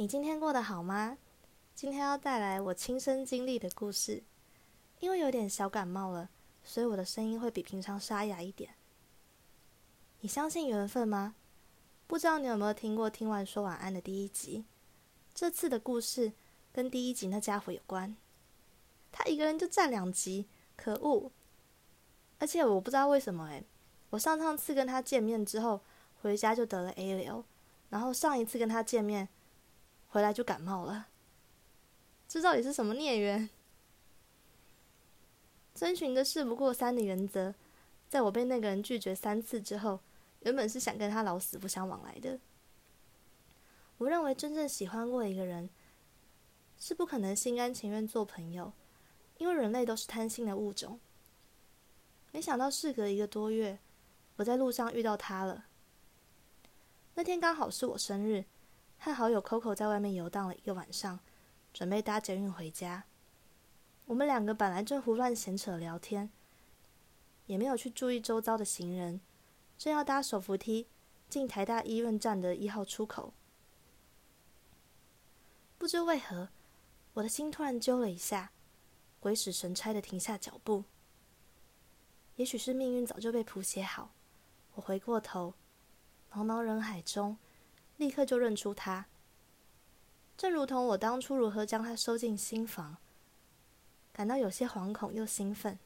你今天過得好嗎？今天要帶來我親身經歷的故事。因為有點小感冒了，所以我的聲音會比平常沙啞一點。你相信緣分嗎？不知道你有沒有聽過《聽完說晚安》的第一集？這次的故事跟第一集那家伙有關。他一個人就佔兩集，可惡！而且我不知道為什麼，欸，哎，我上上次跟他見面之後回家就得了 A 流，然後上一次跟他見面。回來就感冒了，這到底是什麼孽緣？遵循著“事不過三”的原則，在我被那個人拒絕三次之後，原本是想跟他老死不相往來的。我認為真正喜歡過一個人，是不可能心甘情願做朋友，因為人類都是貪心的物種。沒想到事隔一個多月，我在路上遇到他了。那天剛好是我生日。和好友 Coco 在外面遊蕩了一個晚上，準備搭捷運回家。我們兩個本來正胡亂閒扯聊天，也沒有去注意周遭的行人，正要搭手扶梯進台大醫院站的一號出口。不知為何，我的心突然揪了一下，鬼使神差的停下腳步。也許是命運早就被譜寫好，我回過頭，茫茫人海中。立刻就認出他，正如同我當初如何將他收進心房，感到有些惶恐又興奮。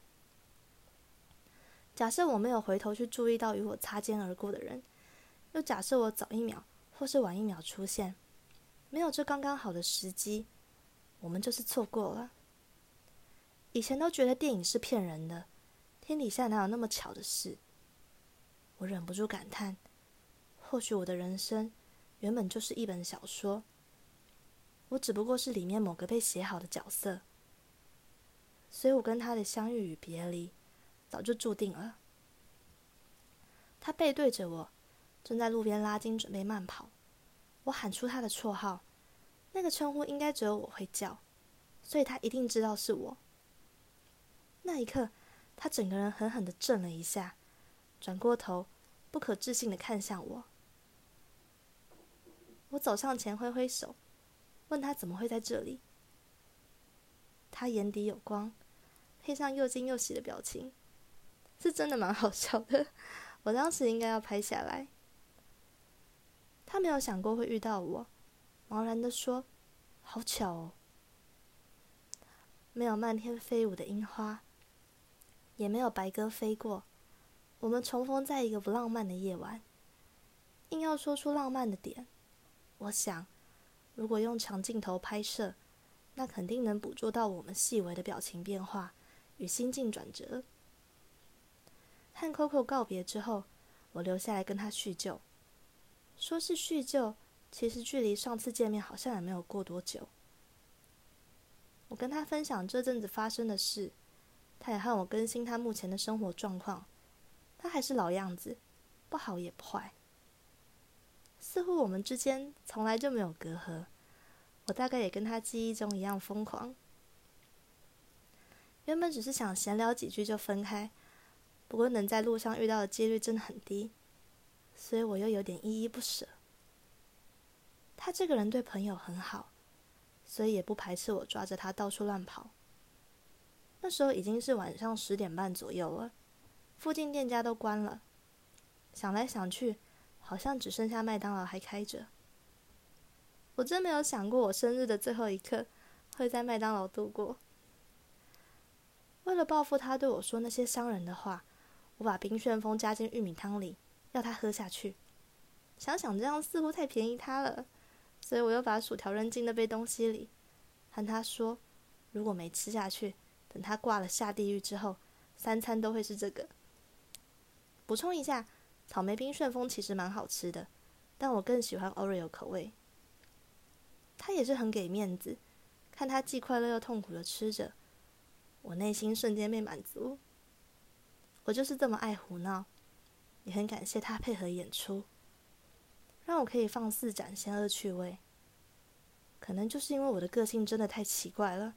假設我沒有回頭去注意到與我擦肩而過的人，又假設我早一秒或是晚一秒出現，沒有這剛剛好的時機，我們就是錯過了。以前都覺得電影是騙人的，天底下哪有那麼巧的事？我忍不住感嘆，或許我的人生。原本就是一本小說，我只不過是裡面某個被寫好的角色，所以，我跟他的相遇與別離早就注定了。他背對着我，正在路邊拉筋準備慢跑，我喊出他的綽號，那個稱呼應該只有我會叫，所以他一定知道是我。那一刻，他整個人狠狠的震了一下，轉過頭，不可置信的看向我。我走上前，揮揮手，問他怎麼會在這裡。他眼底有光，配上又驚又喜的表情，是真的蠻好笑的。我當時應該要拍下來。他沒有想過會遇到我，茫然的說：“好巧哦。”沒有漫天飛舞的櫻花，也沒有白鴿飛過，我們重逢在一個不浪漫的夜晚。硬要說出浪漫的點。我想，如果用長鏡頭拍攝，那肯定能捕捉到我們細微的表情變化與心境轉折。和 Coco 告別之後，我留下來跟他敘舊。說是敘舊，其實距離上次見面好像也沒有過多久。我跟他分享這陣子發生的事，他也和我更新他目前的生活狀況。他還是老樣子，不好也不壞。似乎我們之間從來就沒有隔閡，我大概也跟他記憶中一樣瘋狂。原本只是想閒聊幾句就分開，不過能在路上遇到的幾率真的很低，所以我又有點依依不捨。他這個人對朋友很好，所以也不排斥我抓着他到處亂跑。那時候已經是晚上十點半左右了，附近店家都關了，想來想去。好像只剩下麥當勞還開着。我真沒有想過，我生日的最後一刻會在麥當勞度過。為了報復他對我說那些傷人的話，我把冰旋風加進玉米湯裡，要他喝下去。想想這樣似乎太便宜他了，所以我又把薯條扔進那杯東西裡，和他說：“如果沒吃下去，等他掛了下地獄之後，三餐都會是這個。”補充一下。草莓冰旋風其實蠻好吃的，但我更喜歡 Oreo 口味。他也是很給面子，看他既快樂又痛苦地吃着，我內心瞬間被滿足。我就是這麼愛胡鬧，也很感謝他配合演出，讓我可以放肆展現惡趣味。可能就是因為我的個性真的太奇怪了，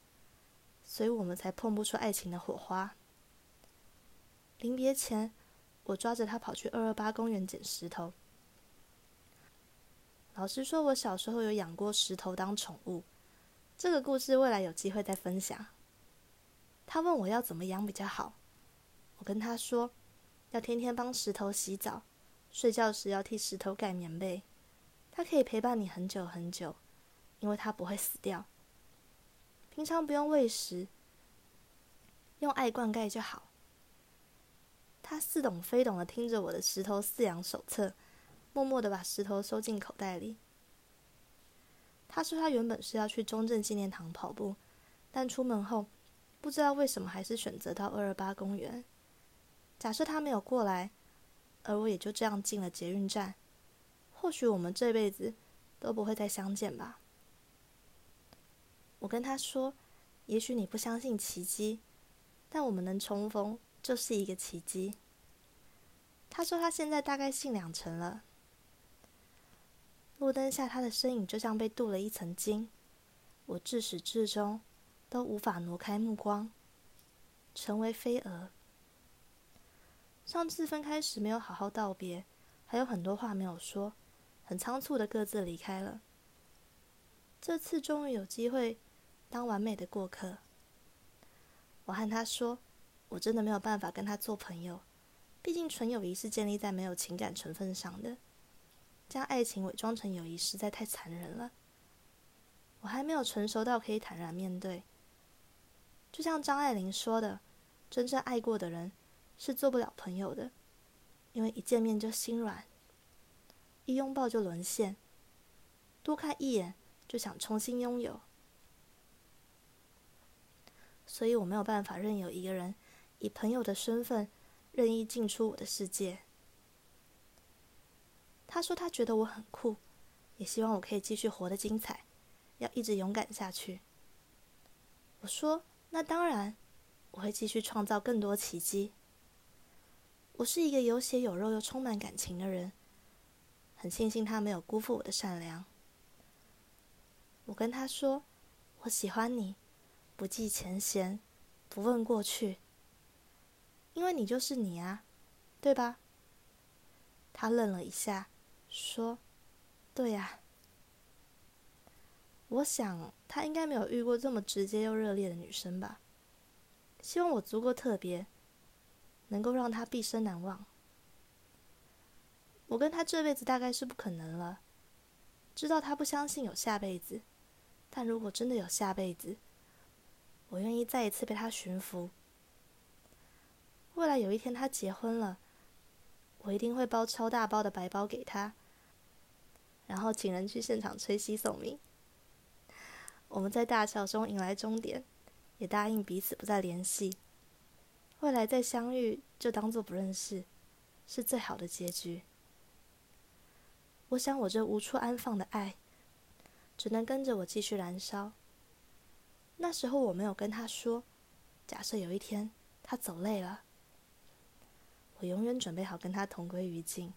所以我們才碰不出愛情的火花。臨別前。我抓着它跑去二二八公園撿石頭。老實說，我小時候有養過石頭當寵物，這個故事未來有機會再分享。他問我要怎麼養比較好，我跟他說，要天天幫石頭洗澡，睡覺時要替石頭蓋棉被。他可以陪伴你很久很久，因為他不會死掉。平常不用餵食，用愛灌溉就好。他似懂非懂的聽着我的石頭飼養手冊，默默的把石頭收進口袋裡。他說他原本是要去中正紀念堂跑步，但出門後不知道為什麼還是選擇到二二八公園。假設他沒有過來，而我也就這樣進了捷運站，或許我們這輩子都不會再相見吧。我跟他說：“也許你不相信奇蹟，但我們能重逢。”就是一個奇蹟。他說他現在大概信兩成了。路燈下，他的身影就像被鍍了一層金。我至始至終都無法挪開目光，成為飛蛾。上次分開時沒有好好道別，還有很多話沒有說，很倉促的各自離開了。這次終於有機會當完美的過客。我和他說。我真的沒有辦法跟他做朋友，畢竟純友誼是建立在沒有情感成分上的。將愛情偽裝成友誼實在太殘忍了。我還沒有成熟到可以坦然面對。就像張愛玲說的：“真正愛過的人是做不了朋友的，因為一見面就心軟，一擁抱就淪陷，多看一眼就想重新擁有。”所以，我沒有辦法任由一個人。以朋友的身份，任意進出我的世界。他說他覺得我很酷，也希望我可以繼續活得精彩，要一直勇敢下去。我說那當然，我會繼續創造更多奇蹟。我是一個有血有肉又充滿感情的人，很慶幸他沒有辜負我的善良。我跟他說我喜歡你，不計前嫌，不問過去。因為你就是你啊，對吧？他愣了一下，說：“對呀、啊。”我想他應該沒有遇過這麼直接又熱烈的女生吧？希望我足夠特別，能夠讓他畢生難忘。我跟他這輩子大概是不可能了。知道他不相信有下輩子，但如果真的有下輩子，我願意再一次被他馴服。未來有一天他結婚了，我一定會包超大包的白包給他，然後請人去現場吹喜送命。我們在大笑中迎來終點，也答應彼此不再聯繫。未來再相遇就當作不認識，是最好的結局。我想我這無處安放的愛，只能跟着我繼續燃燒。那時候我沒有跟他說，假設有一天他走累了。我永遠準備好跟他同歸於盡，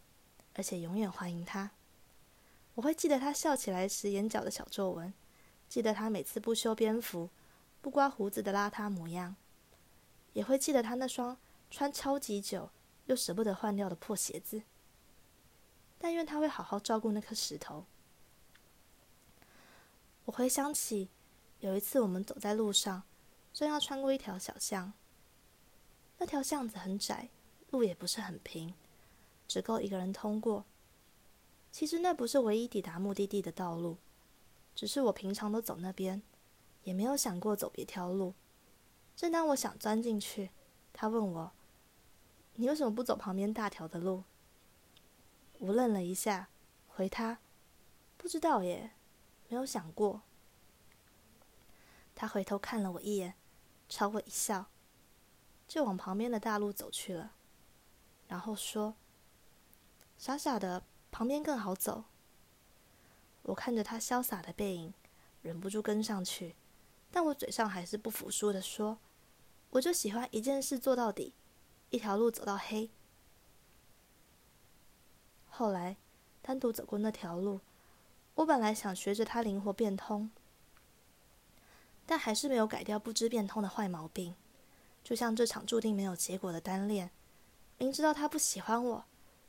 而且永遠歡迎他。我會記得他笑起來時眼角的小皺紋，記得他每次不修邊幅、不刮鬍子的邋遢模樣，也會記得他那雙穿超級久又捨不得換掉的破鞋子。但願他會好好照顧那顆石頭。我回想起有一次我們走在路上，正要穿過一條小巷，那條巷子很窄。路也不是很平，只夠一個人通過。其實那不是唯一抵達目的地的道路，只是我平常都走那邊，也沒有想過走別條路。正當我想鑽進去，他問我：“你為什麼不走旁邊大條的路？”我愣了一下，回他：“不知道耶，沒有想過。”他回頭看了我一眼，朝我一笑，就往旁邊的大路走去了。然後說：“傻傻的，旁邊更好走。”我看着他瀟灑的背影，忍不住跟上去，但我嘴上還是不服輸的說：“我就喜歡一件事做到底，一條路走到黑。”後來，單獨走過那條路，我本來想學着他靈活變通，但還是沒有改掉不知變通的壞毛病，就像這場注定沒有結果的單戀。明知道他不喜歡我，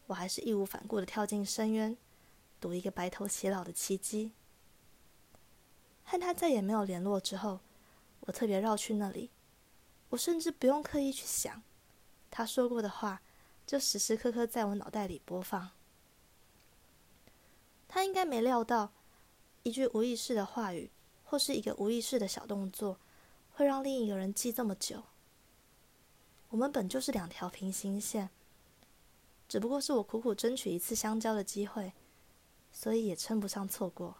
我還是義無反顧地跳進深淵，賭一個白頭偕老的奇蹟。和他再也沒有聯絡之後，我特別繞去那裡。我甚至不用刻意去想他說過的話，就時時刻刻在我腦袋裡播放。他應該沒料到，一句無意識的話語，或是一個無意識的小動作，會讓另一個人記這麼久。我們本就是兩條平行線，只不過是我苦苦爭取一次相交的機會，所以也稱不上錯過。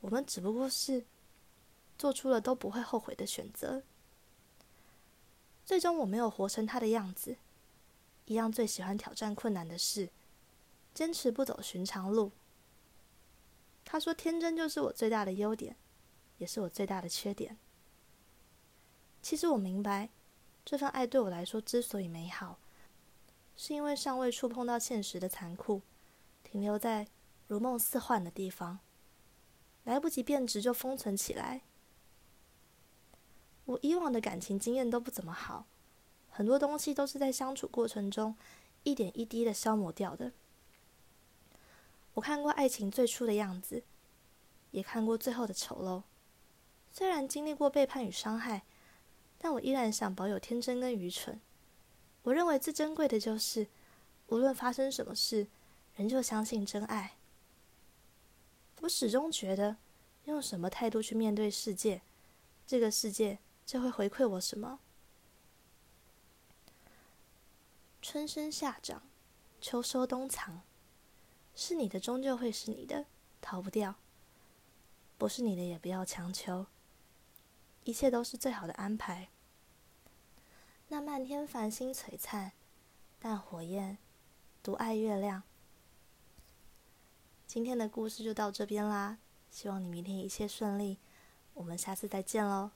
我們只不過是做出了都不會後悔的選擇。最終，我沒有活成他的樣子，一樣最喜歡挑戰困難的事，堅持不走尋常路。他說：“天真就是我最大的優點，也是我最大的缺點。”其實我明白。這份愛對我來說之所以美好，是因為尚未觸碰到現實的殘酷，停留在如夢似幻的地方，來不及貶值就封存起來。我以往的感情經驗都不怎麼好，很多東西都是在相處過程中一點一滴的消磨掉的。我看過愛情最初的樣子，也看過最後的醜陋。雖然經歷過背叛與傷害。我依然想保有天真跟愚蠢。我認為最珍貴的就是，無論發生什麼事，仍舊相信真愛。我始終覺得，用什麼態度去面對世界，這個世界就會回饋我什麼。春生夏長，秋收冬藏，是你的終究會是你的，逃不掉；不是你的也不要強求，一切都是最好的安排。那漫天繁星璀璨，但火焰獨愛月亮。今天的故事就到這邊啦，希望你明天一切順利，我們下次再見嘍。